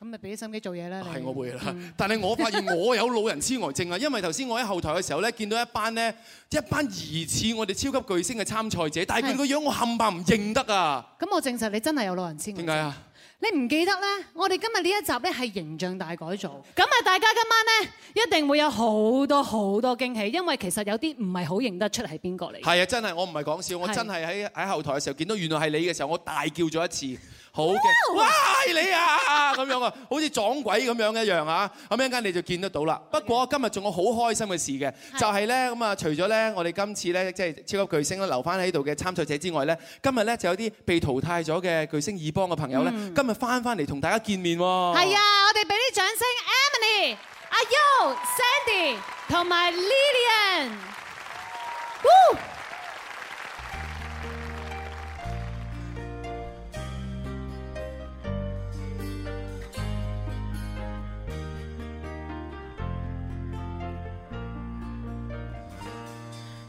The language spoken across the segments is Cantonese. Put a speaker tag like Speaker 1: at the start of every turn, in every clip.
Speaker 1: 咁咪俾啲心機做嘢啦！係我
Speaker 2: 會啦，嗯、但係我發現我有老人痴呆症啊！因為頭先我喺後台嘅時候咧，見到一班咧一班疑似我哋超級巨聲嘅參賽者，但係佢個樣我冚唪唥唔認得啊！
Speaker 1: 咁我證實你真係有老人痴呆症。
Speaker 2: 點
Speaker 1: 解啊？你唔記得咧？我哋今日呢一集咧係形象大改造，咁啊大家今晚咧一定會有好多好多驚喜，因為其實有啲唔係好認得出係邊個嚟。
Speaker 2: 係啊，真係我唔係講笑，我真係喺喺後台嘅時候見到原來係你嘅時候，我大叫咗一次。好嘅，哇！你啊，咁樣啊，好似撞鬼咁樣一樣啊。咁一陣間你就見得到啦。不過今日仲有好開心嘅事嘅，就係咧咁啊，除咗咧我哋今次咧即係超級巨聲咧留翻喺度嘅參賽者之外咧，今日咧就有啲被淘汰咗嘅巨聲二幫嘅朋友咧，今日翻翻嚟同大家見面喎。係
Speaker 1: 啊，我哋俾啲掌聲，Emily、阿 U、Sandy 同埋 Lillian。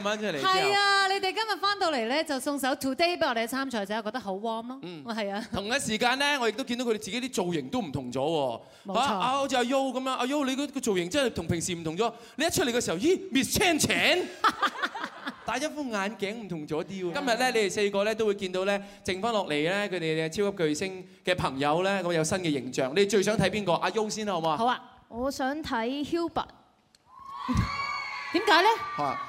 Speaker 2: 係啊！
Speaker 1: 你哋今日翻到嚟咧，就送首 Today 俾我哋嘅參賽者，我覺得好 warm 咯。嗯，我係啊。
Speaker 2: 同一時間咧，我亦都見到佢哋自己啲造型都唔同咗。冇錯。啊，好似阿 U 咁樣，阿 U 你個個造型真係同平時唔同咗。你一出嚟嘅時候，咦？Miss Chan Chan 戴一副眼鏡，唔同咗啲喎。今日咧，你哋四個咧都會見到咧，剩翻落嚟咧，佢哋嘅超級巨聲嘅朋友咧，咁有新嘅形象。你最想睇邊個？阿 U 先啦，好嗎？好啊！
Speaker 3: 我想睇 Hubert。點解咧？啊！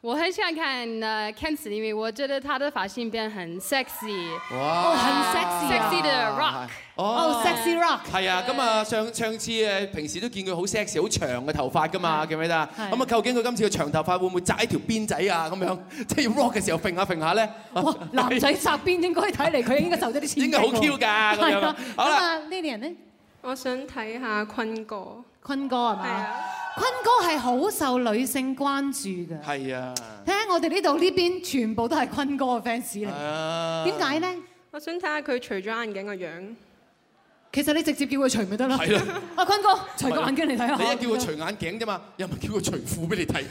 Speaker 1: 我很喜歡看 Ken，因為我覺得他的髮型辮很，很，很 sexy，哦，很 sexy，sexy
Speaker 2: rock，哦，sexy rock。係啊，咁啊上上次誒平時都看見佢好 sexy，好長嘅頭髮噶嘛，記唔記得啊？咁啊究竟佢今次嘅長頭髮會唔會紮一條辮仔啊？咁樣即係要 rock 嘅時候揈下揈下咧？男仔紮辮應該睇嚟佢應該受咗啲。應該好 cute 噶咁樣。對 好啦吧，
Speaker 1: 呢啲人咧，我想睇下坤，坤哥，坤哥係咪？坤哥係好受女性關注嘅是的，
Speaker 2: 係啊！
Speaker 1: 睇下我哋呢度呢邊全部都係坤哥嘅 fans 嚟啦，點解咧？我想睇下
Speaker 3: 佢除咗眼
Speaker 1: 鏡嘅樣。其實你直接叫佢除咪得咯。係啊，阿坤哥，除個眼鏡嚟睇下。你係叫佢除
Speaker 2: 眼鏡啫嘛，又唔係叫佢除褲俾你睇，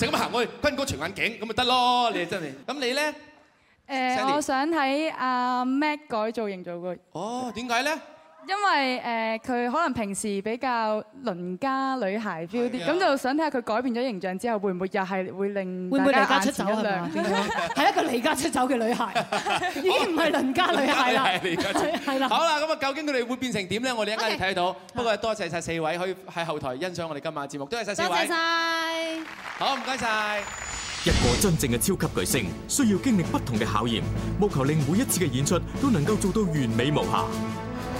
Speaker 2: 就咁行開去。坤哥除眼鏡咁咪得咯，你真係。咁你咧？
Speaker 4: 誒，我想睇阿 Mac 改造型做
Speaker 2: 佢。哦，點解咧？
Speaker 4: 因為誒，佢可能平時比較鄰家女孩 feel 啲，咁就想睇下佢改變咗形象之後會唔會又係會令大家，會唔會離家出走
Speaker 2: 係嘛？
Speaker 1: 係一,一個離家出走嘅女孩，已經唔係鄰家女孩啦。係離，離
Speaker 2: 家出走，係啦。好啦，咁啊，究竟佢哋會變成點咧？我哋一家睇到。好的 不過多謝晒四位可以喺後台欣賞我哋今晚嘅節目，多謝晒，四位，多謝曬謝。好，唔該晒。一個真正
Speaker 5: 嘅超級巨星需要經歷不同嘅考驗，務求令每一次嘅演出都能夠做到完美無瑕。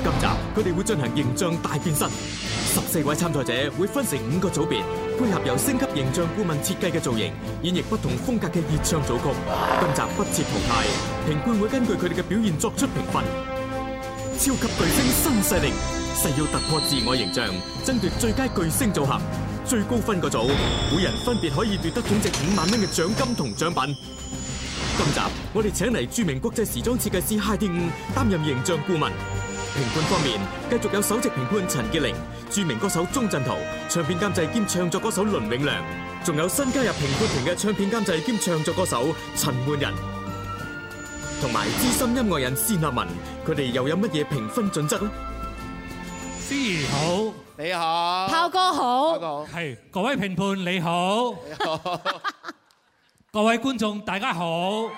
Speaker 5: 今集佢哋會進行形象大變身，十四位參賽者會分成五個組別，配合由星級形象顧問設計嘅造型，演繹不同風格嘅熱唱組曲。今集不設淘汰，評判會根據佢哋嘅表現作出評分。超級巨聲新勢力，誓要突破自我形象，爭奪最佳巨聲組合、最高分個組，每人分別可以奪得總值五萬蚊嘅獎金同獎品。今集我哋請嚟著名國際時裝設計師 High d i 擔任形象顧問。評判方面，繼續有首席評判陳潔靈、著名歌手鍾鎮濤、唱片監製兼唱作歌手倫永亮，仲有新加入評判團嘅唱片監製兼唱作歌手陳奐仁，同埋資深音樂人單立文，佢哋又有乜嘢評分準則咧？施儀好，
Speaker 6: 你好，炮哥好，係各位評判你好，各位觀眾大家好。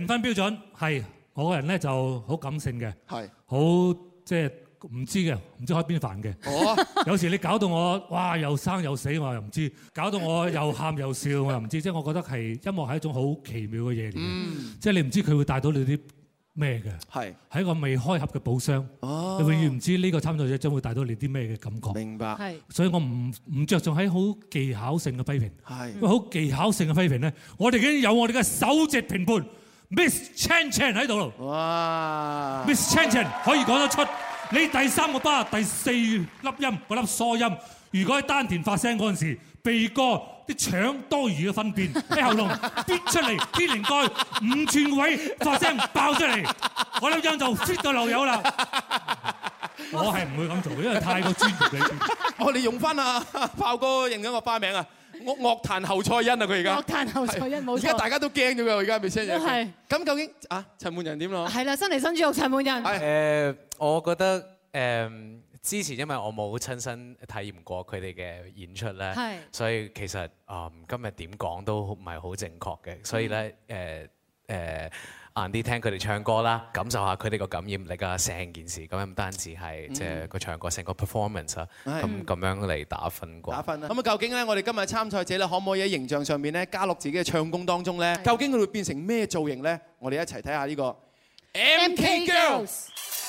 Speaker 6: 評分標準係我個人咧就好感性嘅，係好是是 即係唔知嘅，唔知開邊瓣嘅。哦，有時你搞到我，哇又生又死，我又唔知；搞到我又喊又笑，我又唔知。即係我覺得係音樂係一種好奇妙嘅嘢嚟
Speaker 7: 嘅，
Speaker 6: 即係你唔知佢會帶到你啲咩嘅。係一個未開合嘅寶箱，哦、你永遠唔知呢個參賽者將會帶到你啲咩嘅感覺。明白。係，所以我唔唔著重喺好技巧性嘅批評。係，好技巧性嘅批評咧，我哋已經有我哋嘅首席評判。Miss Chan Chan 喺度咯，Miss Chan Chan 可以講得出你第三個巴第四粒音嗰粒疏音，如果喺丹田發聲嗰陣時，鼻哥啲腸多餘嘅分泌，喺喉嚨跌出嚟，天靈蓋五寸位發聲爆出嚟，我粒音就啜到漏油啦！我係唔會咁做，因為太過專業，
Speaker 2: 你我哋用翻啊炮哥認咗個花名啊！樂樂壇後蔡恩啊，佢而家樂壇後蔡恩冇錯。而家大家都驚咗㗎，而家未聽人，都係咁，究竟啊陳奐仁點咯？係啦，新嚟新豬肉陳奐仁。誒，我覺得
Speaker 8: 誒、呃，之前因為我冇親身體驗過佢哋嘅演出咧，是的 所以其實誒、呃、今日點講都唔係好正確嘅。所以咧誒誒。呃呃呃晏啲聽佢哋唱歌啦，感受下佢哋個感染力啊！成件事咁樣唔單止係即係佢唱歌，成個 performance 啊，咁、hmm，咁樣嚟打分
Speaker 2: 嘅。打分啦！咁啊，究竟咧，我哋今日參賽者咧，可唔可以喺形象上面咧，加落自己嘅唱功當中咧？的究竟佢會變成咩造型咧？我哋一齊睇下呢個 MK Girls。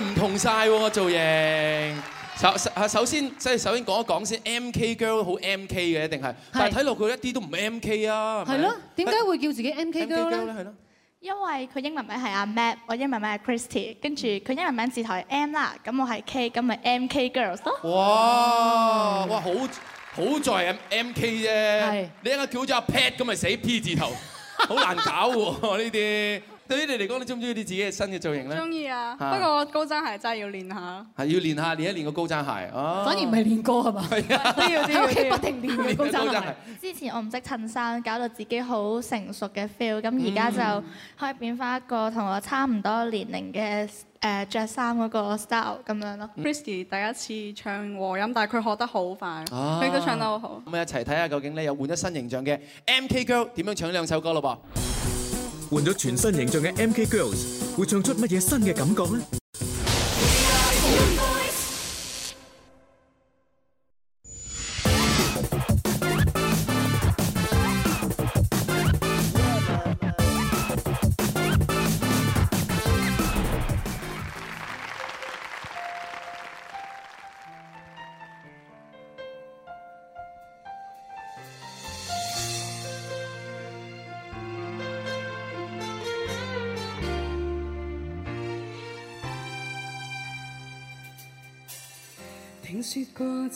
Speaker 2: 唔同曬造型。首首啊，首先即係首先講一講先。M K girl 好 M K 嘅，一定係，但係睇落佢一啲都唔 M K 啊。係咯，
Speaker 1: 點解會叫自己 M K girl 咧？因為佢英文名係阿 Matt，我英文名係 Christy。跟住佢英文名字頭係 M 啦，咁我係 K，咁咪
Speaker 3: M K girls 咯。哇！哇！
Speaker 2: 好好在係 M K 啫。你應該叫咗阿 Pat，咁咪寫 P 字頭，好難搞喎呢啲。對於你嚟講，你中唔中意啲自己嘅新嘅造型咧？中
Speaker 3: 意啊，不過我高踭鞋真係要練
Speaker 2: 一下。係要練一下，練一練個高踭鞋。反而唔
Speaker 3: 係練歌係嘛？係啊，喺屋企
Speaker 2: 不停練個高踭鞋。
Speaker 3: 對
Speaker 1: 鞋之前我唔識襯衫，搞到自己好成熟嘅 feel，咁而家就可以變翻一個同我差唔多年齡嘅誒著衫嗰個 style 咁樣咯。嗯、Christy 第一次唱和音，但係佢學得好快，
Speaker 4: 佢都、啊、唱得好
Speaker 2: 好。咁啊，一齊睇下究竟咧有換咗新形象嘅 MK Girl 點樣唱兩首歌咯噃！換咗全新形象嘅 MK Girls 會唱出乜嘢新嘅感覺咧？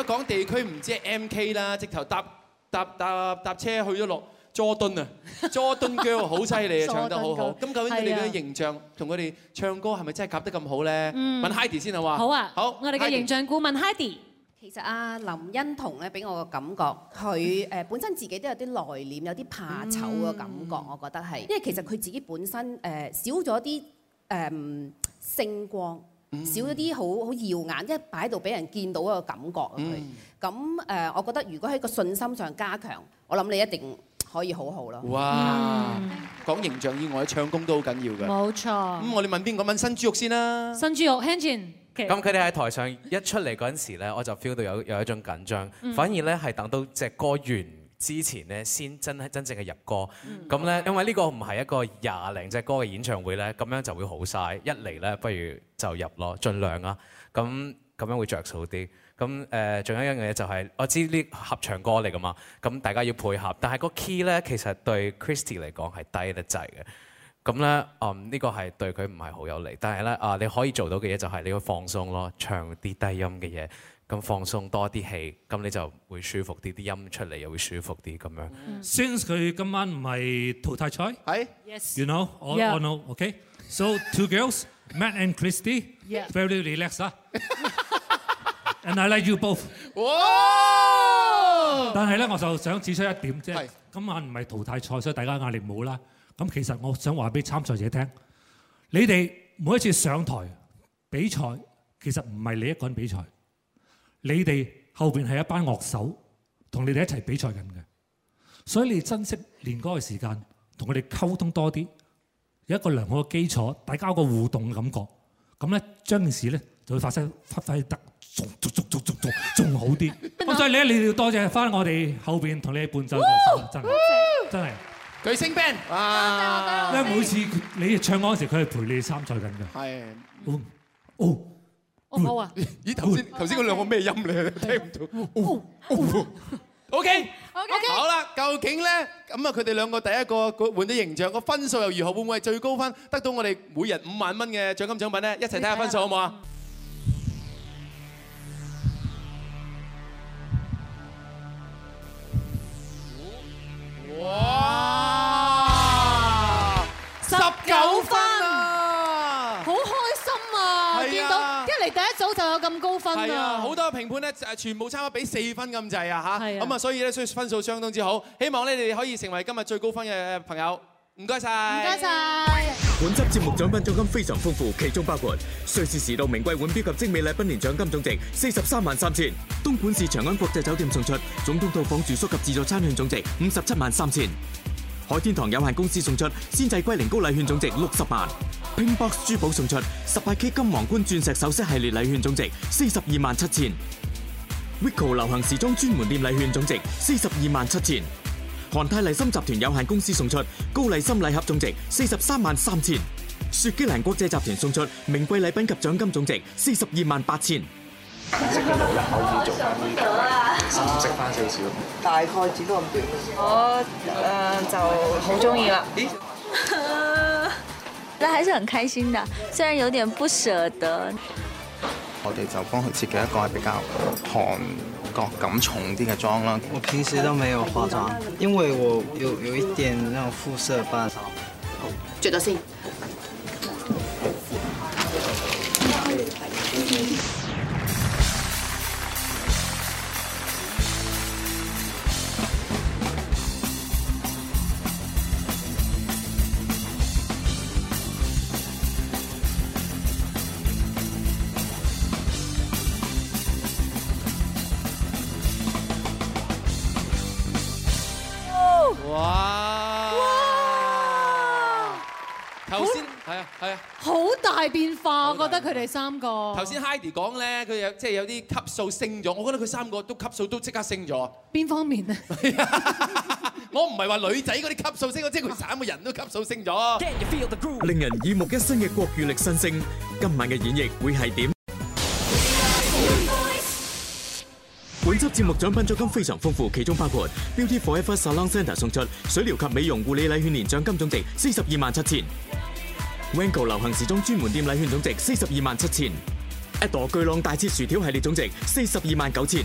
Speaker 2: 香港地區唔知係 MK 啦，直頭搭搭搭搭車去咗落佐敦啊，佐敦姜好犀利，唱得好好。咁究竟你哋嘅形象同佢哋唱歌係咪真係夾得咁好咧？問 Hedy 先啊，話好啊，好，我哋嘅形
Speaker 3: 象顧問 Hedy，其實阿林欣彤咧，俾我嘅感覺，佢誒本身自己都有啲內斂，有啲怕醜嘅感覺，我覺得係，因為其實佢自己本身誒少咗啲誒星光。少咗啲好好耀眼，一擺喺度俾人見到個感覺佢。咁誒，我覺得如果喺個信心上加強，我諗你一定可以好好啦。哇！
Speaker 2: 講形象以外，唱功都好緊要㗎。冇錯。咁我哋問邊個？問新豬肉先啦。
Speaker 3: 新
Speaker 1: 豬肉 Hanjin。咁佢
Speaker 8: 哋喺台上一出嚟嗰陣時咧，我就 feel 到有有一種緊張，反而咧係等到隻歌完。之前咧先真係真正嘅入歌，咁咧、嗯、因為呢個唔係一個廿零隻歌嘅演唱會咧，咁樣就會好嘥。一嚟咧，不如就入咯，盡量啦、啊。咁咁樣會着數啲。咁誒，仲、呃、有一樣嘢就係、是，我知呢合唱歌嚟㗎嘛，咁大家要配合。但係個 key 咧，其實對 Christy 嚟講係低得滯嘅。咁咧，嗯，呢、這個係對佢唔係好有利。但係咧，啊，你可以做到嘅嘢就係你要放鬆咯，唱啲低音嘅嘢。咁放鬆多啲氣，咁你就會舒服啲。啲音出嚟又會舒服啲咁樣。
Speaker 6: Since 佢今晚唔係淘汰賽，係，you know，I know，OK，so two girls，Matt and Christy，very relax 啊，and I like you both。但係咧，我就想指出一點啫，今晚唔係淘汰賽，所以大家壓力冇啦。咁其實我想話俾參賽者聽，你哋每一次上台比賽，其實唔係你一個人比賽。你哋後邊係一班樂手同你哋一齊比賽緊嘅，所以你珍惜練歌嘅時間，同佢哋溝通多啲，有一個良好嘅基礎，大家有一個互動嘅感覺，咁咧將件事咧就會發生發揮得仲仲仲仲仲仲好啲。咁所以你要你哋多謝翻我哋後邊同你哋伴奏嘅樂手，真係真係
Speaker 2: 巨聲 band。哇！
Speaker 6: 咧每次你唱歌時候，佢係陪你哋參賽緊嘅。係。哦。好啊！咦，頭先頭先嗰兩個咩音咧？你聽唔
Speaker 2: 到。O K O K，好啦，究竟咧咁啊？佢哋兩個第一個換啲形象，個分數又如何？會唔會最高分得到我哋每人五萬蚊嘅獎金獎品咧？一齊睇下分數好唔好啊？哇！十九分。第一組就有咁高分啊！好多評判咧，全部差唔多俾四分咁滯啊！嚇，咁啊，所以咧，所以分數相當之好。希望咧，你哋可以成為今日最高分嘅朋友。唔該晒，唔該
Speaker 1: 曬。
Speaker 5: 本集節目獎品獎金非常豐富，其中包括瑞士時度名貴腕錶及精美禮品，連獎金總值四十三萬三千。東莞市長安國際酒店送出總統套房住宿及自助餐券總值五十七萬三千。海天堂有限公司送出鮮製龜苓膏禮券總值六十萬，Pink Box 珠寶送出十八 K 金皇冠鑽石首飾系列禮券總值四十二萬七千，Veeko 流行時裝專門店禮券總值四十二萬七千，韓泰麗參集團有限公司送出高麗參禮盒總值四十三萬三千，雪肌蘭國際集團送出名貴禮品及獎金總值四十二萬八千。
Speaker 6: 識啲路
Speaker 3: 咧，可以做翻啲，食翻少少。大概剪到咁短。我誒就好中意啦。咦、欸
Speaker 4: 啊？但係還是很開心的，雖然有點不捨得。
Speaker 2: 我哋就幫佢設計一個係比較韓國感重啲
Speaker 9: 嘅妝啦。我平時都沒有化妝，因為我有有一點那種膚色斑。
Speaker 6: 轉
Speaker 3: 到先。好
Speaker 2: 係
Speaker 1: 啊，好大變化，我覺得佢哋三個。頭先
Speaker 2: Hadi 講咧，佢有即係有啲級數升咗，我覺得佢三個都級數都即刻升咗。邊方面咧？我唔係話女仔嗰啲級數升，我即係佢三個人都級數升咗。
Speaker 5: 令人耳目一新嘅國語力新聲，今晚嘅演繹會係點？本輯節目獎品獎金非常豐富，其中包括 Beauty Forever Salon Centre 送出水療及美容護理禮券，年獎金總值四十二萬七千。w e n g o 流行時裝專門店禮券總值四十二萬七千，一朵巨浪大切薯條系列總值四
Speaker 10: 十二萬九千。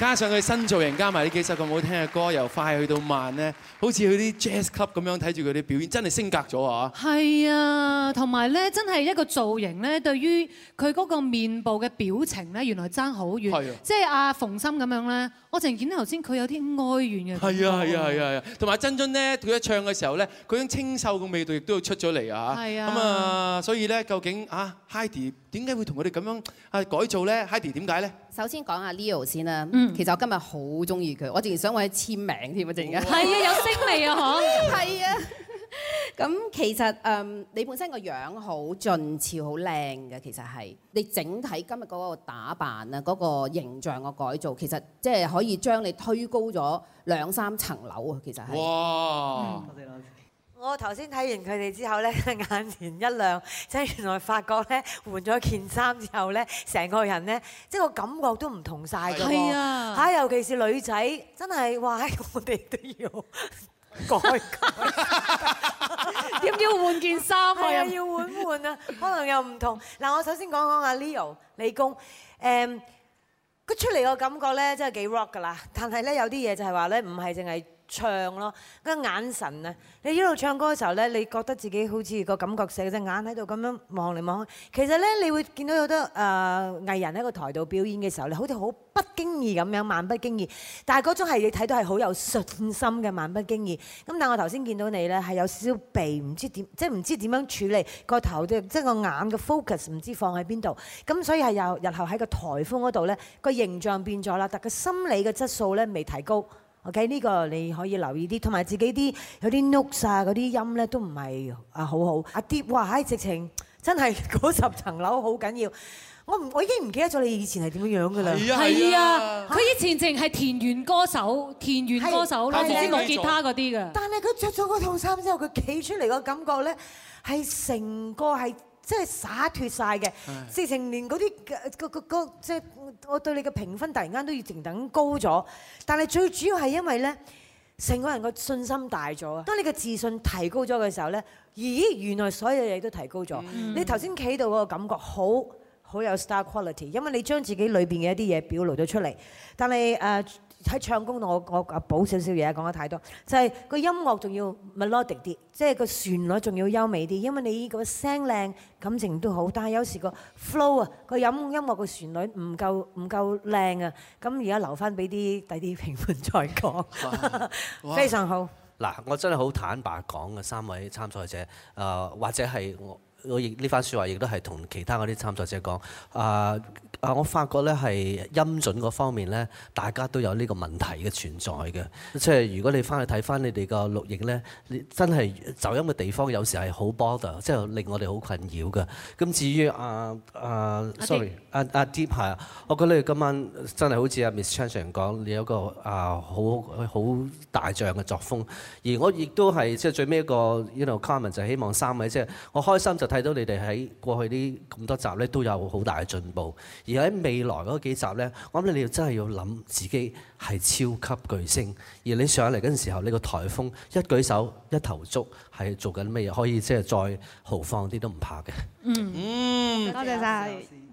Speaker 2: 加上佢新造型，加埋呢幾首咁好聽嘅歌，由快去到慢咧，好似佢啲 jazz club 咁樣，睇住佢啲表演，真係升格咗啊！
Speaker 1: 係啊，同埋咧，真係一個造型咧，對於佢嗰個面部嘅表情咧，原來爭好遠。係啊。即係阿馮琛咁樣咧，我淨見到頭先佢有啲哀怨嘅。係啊係啊
Speaker 2: 係啊，同埋珍珍咧，佢一唱嘅時候咧，嗰種清秀嘅味道亦都要出咗嚟啊！係啊，咁啊，所以咧，究竟啊，Hadi 點解會同佢哋咁樣啊改造咧？Hadi 點解咧？
Speaker 3: 首先講下 Leo 先啦，嗯、其實我今日好中意佢，我竟然想揾佢簽名添啊！陣間，係、哦、 啊，有星味啊！嗬，係啊。咁其實嗯，你本身個樣好俊俏、好靚嘅，其實係你整體今日嗰個打扮啊，嗰、嗰個形象嘅改造，其實即係可以將你推高咗兩三層樓啊！其實係。哇
Speaker 7: 嗯
Speaker 11: 我頭先睇完佢哋之後咧，眼前一亮。即係原來發覺咧，換咗件衫之後咧，成個人咧，即係個感覺都唔同曬噶喎嚇。尤其是女仔，真係哇！我哋都要改改，點要換件衫啊？要換換啊！可能又唔同嗱。我首先講講阿 Leo 李工誒，佢出嚟個感覺咧，真係幾 rock 噶啦。但係咧，有啲嘢就係話咧，唔係淨係。唱咯，個眼神啊！你一路唱歌嘅時候咧，你覺得自己好似個感覺寫隻眼喺度咁樣望嚟望去。其實咧，你會見到有啲誒、呃、藝人喺個台度表演嘅時候，你好似好不經意咁樣，漫不經意。但係嗰種係你睇到係好有信心嘅，漫不經意。咁但係我頭先見到你咧，係有少少避，唔知點，即係唔知點樣處理個頭，即係個眼嘅 focus 唔知放喺邊度。咁所以係由日後喺個台風嗰度咧，個形象變咗啦，但係個心理嘅質素咧未提高。OK，呢、這個你可以留意啲，同埋自己啲有啲 notes 啊，嗰啲音咧都唔係啊好好。阿 D，哇嗨，直情真係嗰十層樓好緊要。我唔，我已經唔記得咗你以前係點樣樣噶啦。係啊，佢、啊啊、以前淨係田園歌手，田園歌手啦，啲木結他嗰啲噶。但係佢着咗嗰套衫之後，佢企出嚟個感覺咧，係成個係。即係灑脱晒嘅，直情連嗰啲嗰嗰嗰即係我對你嘅評分突然間都要成等高咗。但係最主要係因為呢，成個人個信心大咗。當你嘅自信提高咗嘅時候呢，咦？原來所有嘢都提高咗。嗯、你頭先企到嗰個感覺好好有 star quality，因為你將自己裏邊嘅一啲嘢表露咗出嚟。但係誒。呃喺唱功度，我我補少少嘢，講得太多。就係、是、個音樂仲要 melodic 啲，即係個旋律仲要優美啲。因為你個聲靚，感情都好。但係有時個 flow 啊，個音音樂個旋律唔夠唔夠靚啊。咁而家留翻俾啲第啲評判再講，非常好。
Speaker 9: 嗱，我真係好坦白講嘅，三位參賽者，誒、呃、或者係我。我亦呢番説話亦都係同其他嗰啲參賽者講啊。啊，呃，我發覺咧係音準嗰方面咧，大家都有呢個問題嘅存在嘅。即係如果你翻去睇翻你哋個錄影咧，你真係走音嘅地方有時係好 border，即係令我哋好困擾嘅。咁至於啊啊，sorry，阿阿 Deep 係，我覺得你哋今晚真係好似阿 Miss Chan Chan 講，你有一個啊好好大將嘅作風。而我亦都係即係最尾一個 you know, comment 就是希望三位即係我開心就。睇到你哋喺過去呢咁多集咧，都有好大嘅進步。而喺未來嗰幾集咧，我諗你哋要真係要諗自己係超級巨星。而你上嚟嗰陣時候，呢個台風一舉手一投足係做緊咩嘢？可以即係再豪放啲都唔怕嘅。嗯
Speaker 2: 嗯。多謝晒。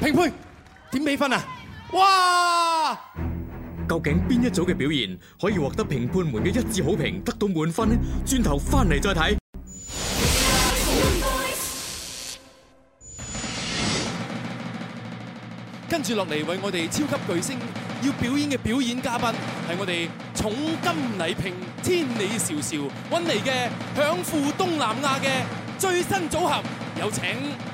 Speaker 2: 評判點俾分啊！哇，
Speaker 5: 究竟邊一組嘅表現可以獲得評判們嘅一致好評，得到滿分呢？轉頭翻嚟再睇。
Speaker 2: 跟住落嚟為我哋超級巨聲要表演嘅表演嘉賓，係我哋重金禮聘、千里迢迢揾嚟嘅享富東南亞嘅最新組合，有請。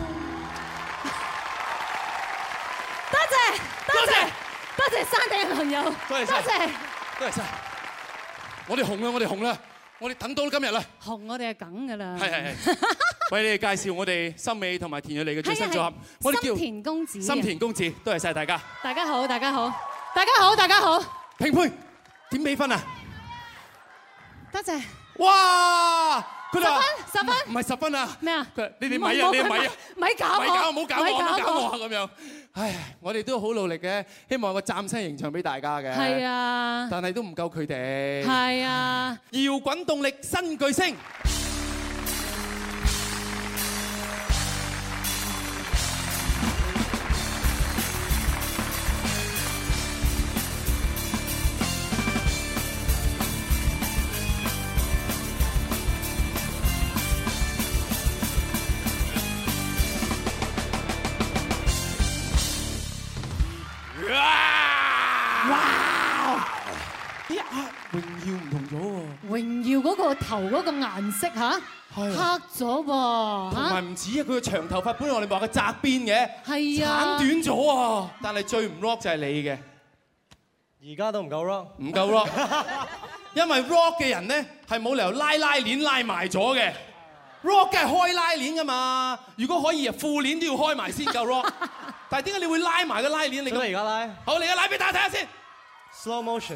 Speaker 2: 山頂嘅朋友，多謝，多謝，多謝，我哋紅啦，我哋紅啦，我哋等到今日啦，紅我哋係梗㗎啦，係係係，為你哋介紹我哋森美同埋田蕊妮嘅最新組合，我哋叫森田公子，森田公子，多謝曬大家，
Speaker 1: 大家好，大家好，大家好，大家
Speaker 2: 好，評判點比分啊？多謝。哇！佢哋十分，唔係十分啊。咩啊？佢話你哋咪啊，你哋咪啊，咪搞我，咪搞我，唔好搞我，搞我咁樣。唉，我哋都好努力嘅，希望我暫時營唱俾大家嘅。係啊。但係都唔夠佢哋。係啊。搖滾動力新巨聲。
Speaker 1: 頭嗰個顏色吓，黑咗噃，同埋唔
Speaker 2: 止啊！佢個長頭髮本來我哋話佢窄邊嘅，係啊，剪短咗啊！但係最唔 rock 就係你嘅，
Speaker 6: 而
Speaker 2: 家都唔夠 rock，唔夠 rock，因為 rock 嘅人咧係冇理由拉拉鏈拉埋咗嘅，rock 梗係開拉鏈噶嘛！如果可以，褲鏈都要開埋先夠 rock。但係點解你會拉埋個拉鏈？你咁而家拉，好，你而家拉俾大家睇下先，slow motion。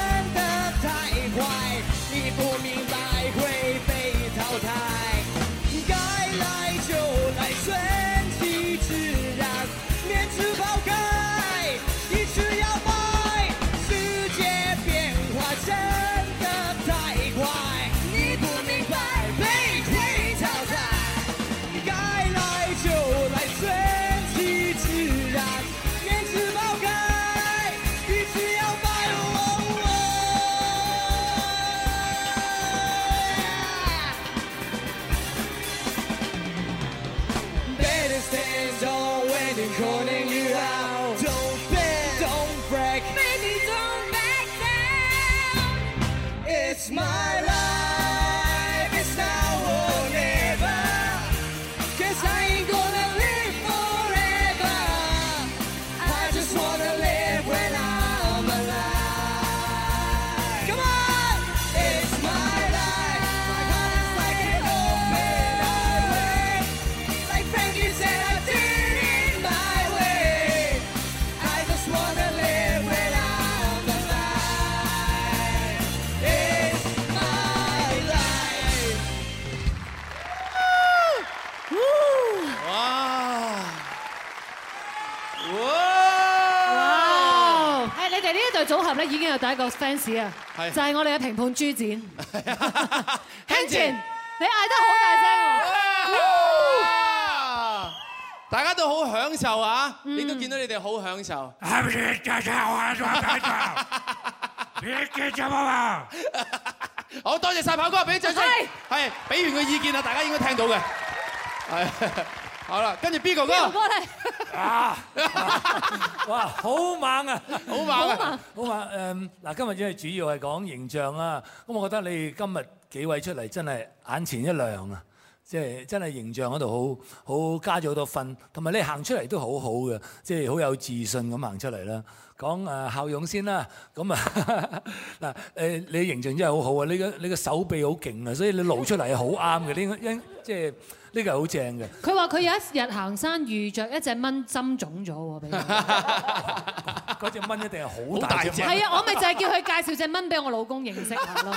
Speaker 1: 已經有第一個 fans 啊，就係、是、我哋嘅評判朱展，
Speaker 2: 向前你嗌得好大聲，大家都好享受啊！你都見到你哋好享受。嗯、享受好多謝晒跑哥俾啲資訊，係俾完個意見啊，大家應該聽到嘅。係，好啦，跟住 B 哥哥。
Speaker 6: 啊！ 哇，好猛啊，好猛啊！好猛誒！嗱，今日真係主要係講形象啊！咁我覺得你今日幾位出嚟真係眼前一亮啊！即係真係形象嗰度好好加咗好多分。好，同埋你行出嚟都好好嘅，即係好有自信咁行出嚟啦。講誒效用先啦，咁啊嗱誒，你嘅形象真係好好啊！你個你個手臂好勁啊，所以你露出嚟係好啱嘅，呢個因即係。呢個係好正嘅。
Speaker 1: 佢話佢有一日行山遇着一隻蚊，一隻蚊針腫咗喎，俾佢。
Speaker 6: 嗰隻蚊一定係好大隻。係啊，我
Speaker 1: 咪就係叫佢介紹隻蚊俾我老公認識下咯。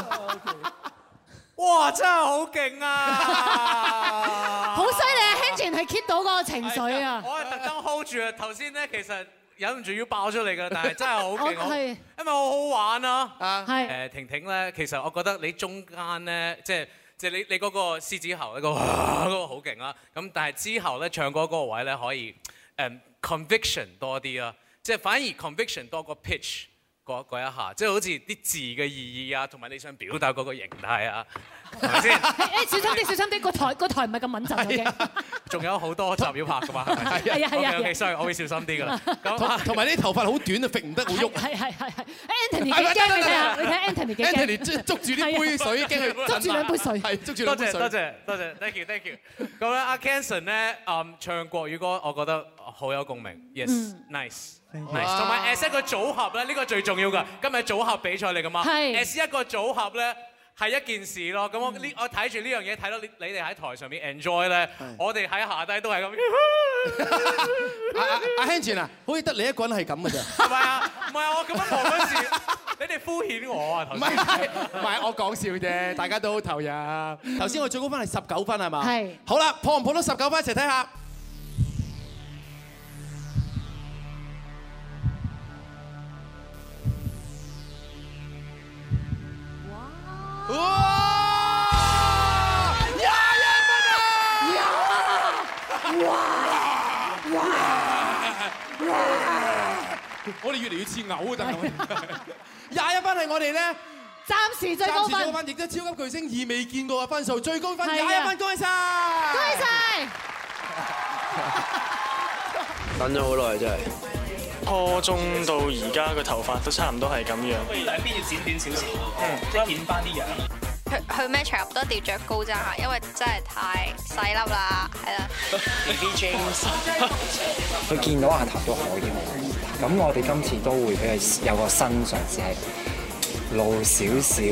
Speaker 1: 哇，真係好勁啊！好犀利啊！Hanjin 係 keep 到嗰個
Speaker 8: 情緒啊！我係特登 hold 住啊！頭先咧，其實忍唔住要爆出嚟嘅，但係真係好勁。係，因為好好玩啦。啊，係是是、呃。誒，婷婷咧，其實我覺得你中間咧，即係。你你嗰個獅子喉一嗰、嗰個好勁、嗰個、啊。咁但係之後呢，唱歌嗰個位呢，可以嗯、um, conviction 多啲啊，即、啊、係、就是、反而 conviction 多過 pitch。嗰一下，即係好似啲字嘅意義啊，同埋你想表達嗰個形態啊，
Speaker 1: 係咪先？誒小心啲，小心啲，個台個台唔係咁穩陣嘅。
Speaker 2: 仲有好多集要拍㗎嘛？係啊係啊，OK，r y 我會小心啲㗎啦。同埋啲頭髮好短啊，揈唔得，好鬱。係係係。Anthony 幾驚，你睇 Anthony 幾驚？Anthony 捉住啲杯水，驚佢。捉住兩杯水。係捉住，多謝
Speaker 8: 多謝多謝，thank you thank you。各位阿 Canson 咧，誒唱國語歌，我覺得好有共鳴。Yes，nice。同埋 as 一個組合咧，呢個最重要噶，今日組合比賽嚟噶嘛？係 as 一個組合咧，係一件事咯。咁我呢，我睇住呢樣嘢，睇到你哋喺台上是的 面 enjoy 咧，我哋喺下低都係咁。阿
Speaker 2: 阿阿 Hanson 啊，好似得你一個人係咁嘅啫。係咪啊？唔係啊，我咁樣講緊笑，你哋敷衍我啊。頭先，唔係唔係，我講笑啫。大家都好投入。頭先我最高分係十九分係嘛？係。好啦，破唔破到十九分一齊睇下。
Speaker 7: 哇！廿一分
Speaker 2: 哇！哇！我哋越嚟越似牛啊！但係，廿一分係我哋咧，暫時最高分，亦都超級巨聲二未見過嘅分數，最高分廿一分，恭喜曬！恭喜曬！
Speaker 9: 等咗好耐真係。初中到而家個
Speaker 4: 頭
Speaker 5: 髮都差唔多係咁樣，所以兩邊要剪短少
Speaker 9: 少，即剪翻啲樣。去去咩場合都吊著高踭鞋，因為真係太細粒啦，係啦。
Speaker 5: B B
Speaker 1: James，
Speaker 6: 佢見到額頭都可以，咁我哋今次都會俾佢
Speaker 9: 有個新嘗試，係露少少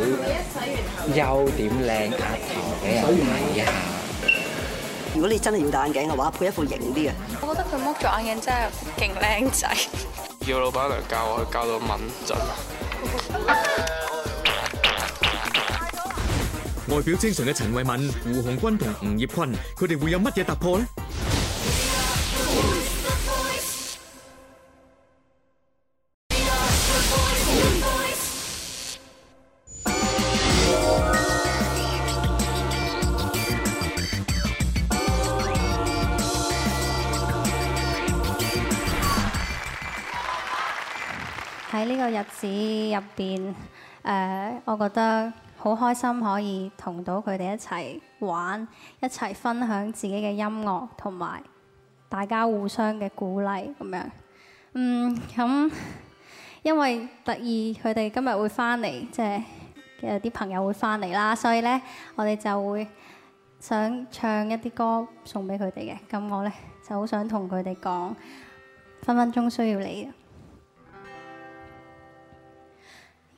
Speaker 9: 優點靚額頭俾人睇下啊。
Speaker 3: 如果你真係要戴眼鏡嘅話，配一副型啲啊。
Speaker 4: 我覺得佢擸著眼鏡真係勁靚仔。
Speaker 2: 叫老闆娘教我，佢教到敏準。
Speaker 5: 外表正常嘅陳慧敏、胡鴻鈞同吳業坤，佢哋會有乜嘢突破咧？
Speaker 4: 個日子入邊，誒，我覺得好開心可以同到佢哋一齊玩，一齊分享自己嘅音樂，同埋大家互相嘅鼓勵咁樣。嗯，咁因為特意佢哋今日會翻嚟，即係有啲朋友會翻嚟啦，所以呢，我哋就會想唱一啲歌送俾佢哋嘅。咁我呢，就好想同佢哋講，分分鐘需要你。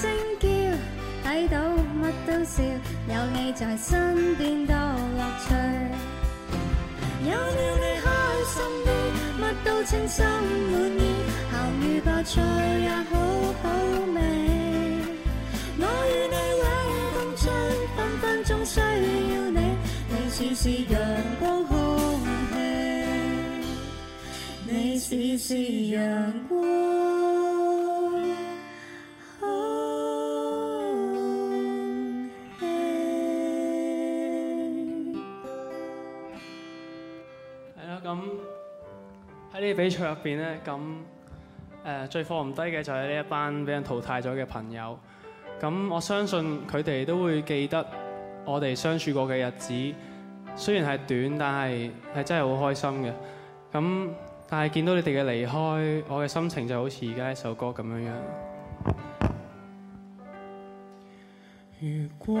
Speaker 4: 聲叫，睇到乜都笑，有你在身邊多樂趣。有了你開心啲，乜都稱心滿意，鹹魚白菜也好好味。 我與你永共聚，分分鐘需要你，你似是陽光空氣，你似是
Speaker 7: 陽光。
Speaker 8: 咁喺呢啲比賽入邊呢，咁誒最放唔低嘅就係呢一班俾人淘汰咗嘅朋友。咁我相信佢哋都會記得我哋相處過嘅日子，雖然係短，但係係真係好開心嘅。咁但係見到你哋嘅離開，我嘅心情就好似而家呢首歌咁樣樣。
Speaker 10: 如
Speaker 4: 果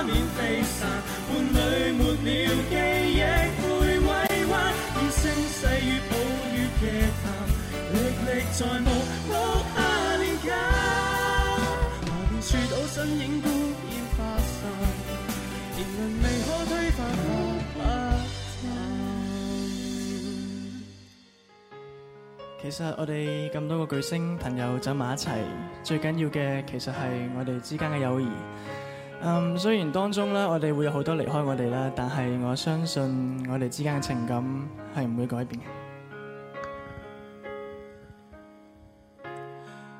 Speaker 4: 歷歷在目。身影，其實我哋咁多個巨星朋友走埋一齊，最緊要嘅其實係我哋之間嘅友誼。雖、um, 雖然當中我哋會有好多離開我哋啦，但係我相信我哋之間嘅情感係唔會改變嘅。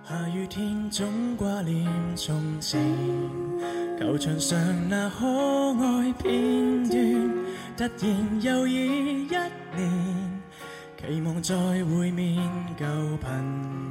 Speaker 4: 下雨天總掛念從前，舊
Speaker 8: 場上
Speaker 4: 那可愛片段，突然又已一年，期望再會面舊朋。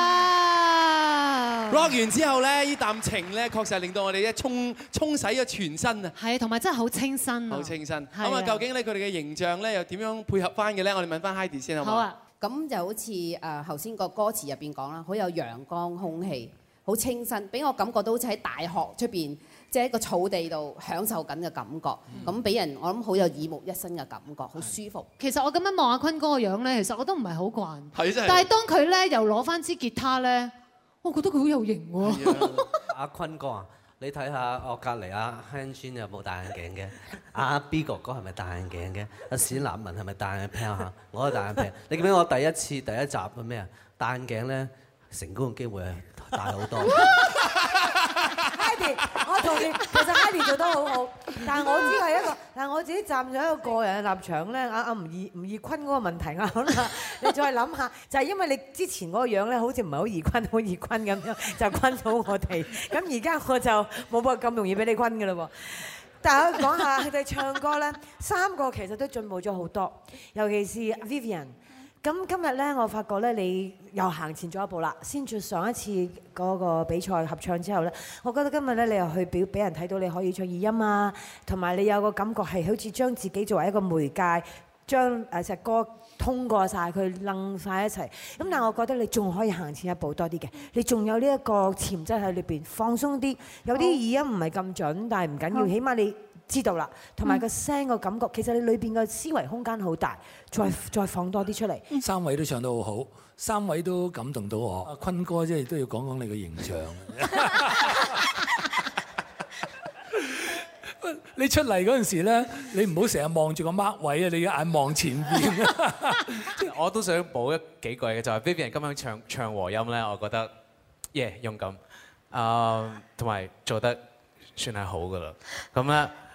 Speaker 2: 完之後咧，呢啖情咧，確實令到我哋一沖沖洗咗全身啊！係，同埋真係好清、哦、清新，的好，好，好、啊好呃、清新。咁啊，究竟咧佢哋嘅形象咧又點樣配合翻嘅咧？我哋問翻 Heidi 先好唔好啊？
Speaker 3: 咁就好似誒頭先個歌詞入邊講啦，好有陽光空氣，好清新，俾我感覺到好似喺大學出邊，即、就、係、是、一個草地度享受緊嘅感覺。咁俾、嗯、人我諗好有耳目一新嘅感覺，好舒服。的其實我咁樣望阿坤哥個樣咧，其實我都唔係好慣。
Speaker 9: 係真係。但係
Speaker 3: 當佢咧
Speaker 1: 又攞翻支吉他咧。我覺得佢好有型喎、
Speaker 9: 啊啊！阿坤哥啊，你睇下我隔離阿 Han 有冇戴眼鏡嘅？阿 B 哥哥係咪戴眼鏡嘅？阿單立文係咪戴眼鏡？是是眼我有戴眼鏡。你記唔記得我第一次第一集係咩啊？戴眼鏡咧，成功嘅機會係大好多。
Speaker 11: Okay. 其實 Honey 做得好好，但係我只係一個，但我自己站咗一個個人嘅立場咧。阿阿吳怡吳怡坤嗰個問題啊，你再諗下，就係、是、因為你之前嗰個樣咧，好似唔係好易坤，好易坤咁樣，就坤到我哋。咁而家我就冇咁容易俾你坤嘅嘞喎。大家講下佢哋唱歌咧，三個其實都進步咗好多，尤其是 Vivian。咁今日咧，我發覺咧，你又行前咗一步啦。先至上一次嗰個比賽合唱之後咧，我覺得今日咧，你又去表俾人睇到你可以唱二音啊，同埋你有個感覺係好似將自己作為一個媒介，將誒隻歌通過晒，佢攬晒一齊。咁但係我覺得你仲可以行前一步多啲嘅，你仲有呢一個潛質喺裏邊，放鬆啲。有啲二音唔係咁準，但係唔緊要，起碼你。知道啦，同埋個聲個感覺，其實你裏邊個思維空間好大，再再放多啲出嚟。
Speaker 6: 三位都唱得好好，三位都感動到我。阿坤哥即係都要講講你個形象你。你出嚟嗰陣時咧，你唔好成日望住個 Mark 位啊！你要眼望前邊。
Speaker 8: 我都想補一幾句嘅，就係 Baby 人今日唱唱和音咧，我覺得耶勇敢啊，同埋做得算係好噶啦。咁咧。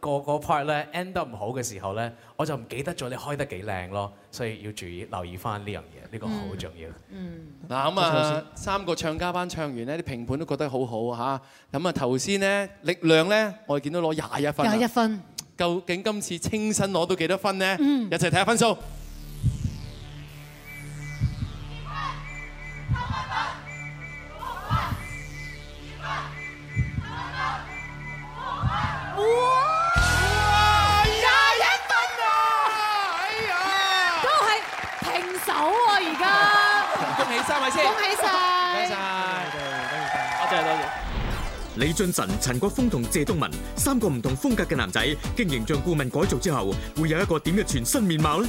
Speaker 8: 個個 part 咧 end 得唔好嘅時候咧，我就唔記得咗你開得幾靚咯，所以要注意留意翻呢
Speaker 2: 樣嘢，呢 bus 個好重要。嗯、hmm. mm.。嗱咁啊，三個唱家班唱完呢啲評判都覺得好好吓、e，咁啊，頭先呢力量咧，我哋見到攞廿一分。廿一分。究竟今次清新攞到幾多分呢？一齊睇下分數。
Speaker 9: 起曬，係
Speaker 3: 咪
Speaker 2: 先？恭喜
Speaker 9: 曬，恭喜
Speaker 3: 曬，多謝多謝多
Speaker 5: 謝。李俊晨、陳國峰同謝東閔三個唔同風格嘅男仔，經形象顧問改造之後，會有一個點嘅全新面貌咧。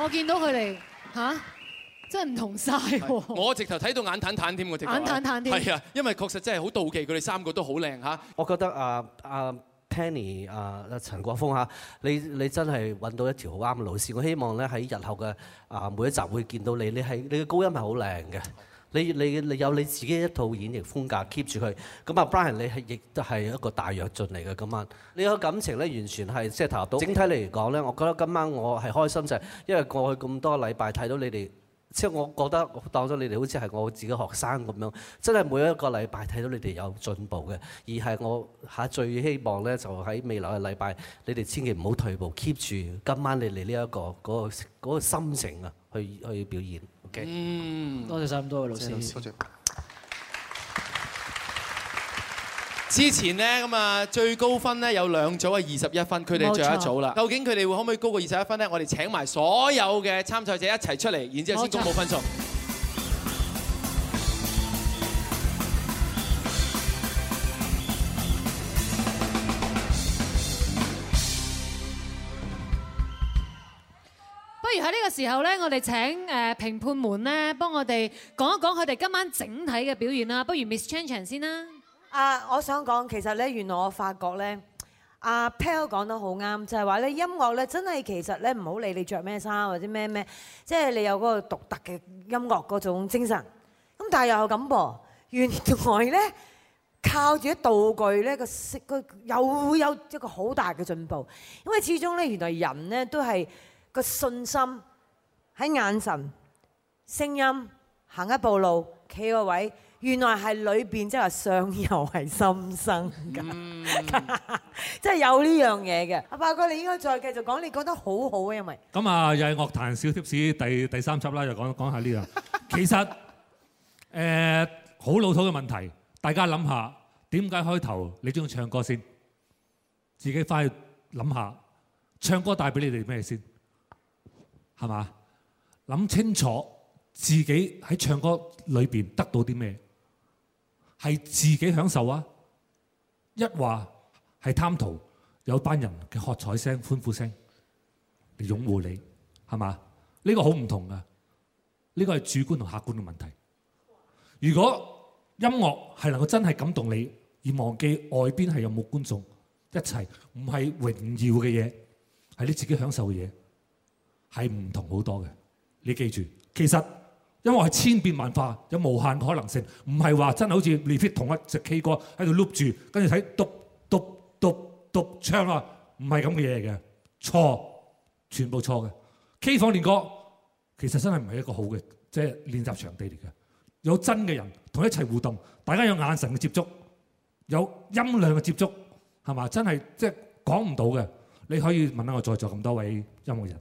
Speaker 1: 我見到佢哋嚇，真係唔同晒。
Speaker 2: 我直頭睇到眼癟癟添喎，直頭眼癟癟添。係啊，
Speaker 9: 因為確實真係好妒忌佢哋三個都好靚嚇。我覺得啊啊 Tanny 啊陳國峰嚇，你你真係揾到一條好啱嘅路線。我希望咧喺日後嘅啊每一集會見到你。你係你嘅高音係好靚嘅。你你你有你自己一套演繹風格 keep 住佢，咁啊 Brian 你係亦都係一個大躍進嚟嘅今晚。你個感情咧完全係即係投入到。整體嚟講咧，我覺得今晚我係開心就係因為過去咁多禮拜睇到你哋，即係我覺得當咗你哋好似係我自己學生咁樣，真係每一個禮拜睇到你哋有進步嘅，而係我下最希望咧就喺未來嘅禮拜，你哋千祈唔好退步 keep 住今晚你哋呢一個嗰個嗰個心情啊，去去表演。
Speaker 2: 嗯，
Speaker 10: 多謝晒咁多位老師。多謝
Speaker 2: 之前呢，咁啊，最高分呢有兩組係二十一分，佢哋最後一組啦。究竟佢哋會可唔可以高過二十一分呢？我哋請埋所有嘅參賽者一齊出嚟，然之後先公布分數。
Speaker 1: 時候咧，我哋請誒評判們咧，幫我哋講一講佢哋今晚整體嘅表現啦。不如
Speaker 11: Miss Chan 先啦。啊，我想講其實咧，原來我發覺咧，阿 Pearl 講得好啱，就係話咧，音樂咧真係其實咧唔好理你著咩衫或者咩咩，即係你有嗰個獨特嘅音樂嗰種精神。咁但係又係咁噃，原來咧靠住啲道具咧佢，又會有一個好大嘅進步。因為始終咧，原來人咧都係個信心。喺眼神、聲音、行一步路、企個位，原來係裏邊，即係上游係心聲噶，即係、嗯、 有呢樣嘢嘅。阿八哥，你應該再繼續講，你覺得好好嘅，因為
Speaker 6: 咁啊，又係樂壇小貼士第第三輯啦，又講講下呢樣。其實誒，好老土嘅問題，大家諗下點解開頭你中意唱歌先？自己翻去諗下，唱歌帶俾你哋咩先？係嘛？諗清楚自己喺唱歌裏邊得到啲咩，係自己享受啊？一話係貪圖有班人嘅喝彩聲、歡呼聲嚟擁護你，係嘛的？呢個好唔同噶，呢個係主觀同客觀嘅問題。如果音樂係能夠真係感動你，而忘記外邊係有冇觀眾一起，一切唔係榮耀嘅嘢，係你自己享受嘅嘢，係唔同好多嘅。你記住，其實因為係千變萬化，有無限可能性，唔係話真係好似 repeat 同一隻 K 歌喺度碌住，跟住睇讀讀讀讀，讀唱啊，唔係咁嘅嘢嘅。錯，全部錯嘅。K 房練歌其實真係唔係一個好嘅即係練習場地嚟嘅，有真嘅人同一齊互動，大家有眼神嘅接觸，有音量嘅接觸，係嘛？真係即係講唔到嘅。你可以問下我在座咁多位音樂人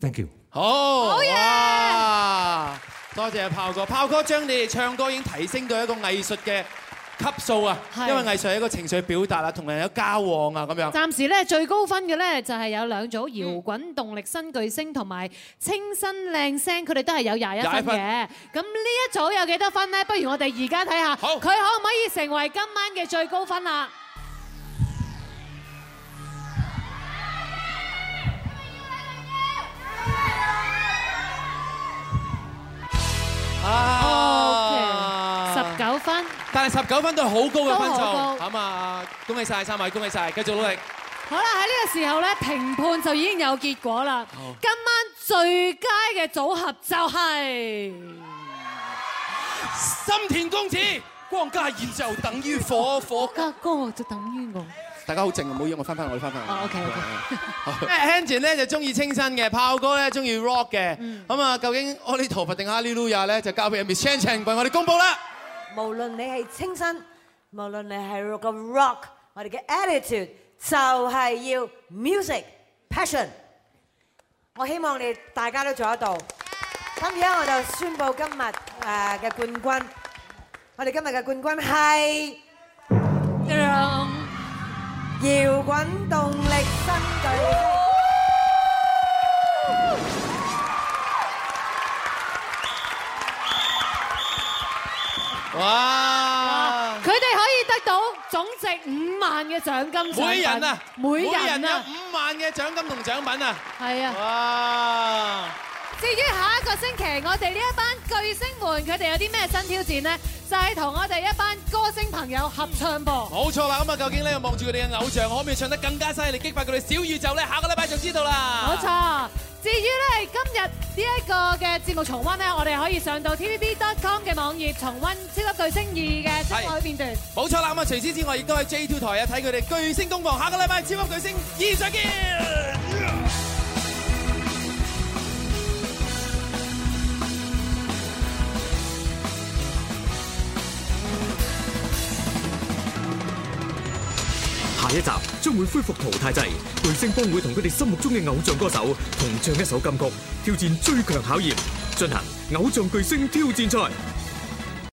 Speaker 6: ，thank you。好哇！
Speaker 2: 多謝炮哥，炮哥將你哋唱歌已經提升到一個藝術嘅級數啊，因為藝術係一個情緒表達啊，同人有交往啊咁樣。
Speaker 1: 暫時咧最高分嘅呢就係有兩組搖滾動力新巨聲同埋清新靚聲，佢哋都係有廿一分嘅。咁呢一組有幾多分呢？不如我哋而家睇下，佢可唔可以成為今晚嘅最高分啦？
Speaker 2: 啊，十九分，但係十九分都係好高嘅分數，咁啊很，恭喜晒三位，恭喜晒，繼續努力好。好啦，
Speaker 1: 喺呢個時候咧，評判就已經有結果啦。今晚最佳嘅組
Speaker 2: 合就係、是、心田公子、光家賢，就等於火火光家哥，就等於我。大家好靜啊，唔好應我，翻返我哋翻返。哦，OK OK。誒，Hanjin 咧就中意清新嘅，炮哥咧中意 rock 嘅，咁啊究竟我啲陀佛定阿 Liluya 咧就交俾 Miss Chan Cheng，俾我哋公佈啦。
Speaker 11: 無論你係清新，無論你係個 rock，我哋嘅 attitude 就係要 music passion。我希望你大家都做得到。咁而家我就宣布今日誒嘅冠軍，我哋今日嘅冠軍係。搖滾動力新巨聲，
Speaker 1: 哇！佢哋可以得到總值五萬嘅獎金獎品，每人啊，每人啊，
Speaker 2: 五萬嘅獎金同獎品啊，係啊，哇！至於下
Speaker 1: 一個星期，我哋呢一班巨聲們佢哋有啲咩新挑戰呢？就係、是、同我哋一班歌星朋友合唱噃。
Speaker 2: 冇 錯啦！咁啊，究竟呢望住佢哋嘅偶像，可唔可以唱得更加犀利，激發佢哋小宇宙呢？下個禮拜就知道啦。冇錯。
Speaker 1: 至於呢今日呢一個嘅節目重温呢，我哋可以上到 tvb.com 嘅網頁重温《超級巨聲二》嘅精
Speaker 2: 彩片段。冇錯啦！咁啊，除此之外亦都喺 J2 台啊睇佢哋巨聲動盪。下個禮拜《超級巨聲二》再見。
Speaker 5: 下一集將會恢復淘汰制，巨聲幫會同佢哋心目中嘅偶像歌手同唱一首金曲，挑戰最強考驗，進行偶像巨聲挑戰賽。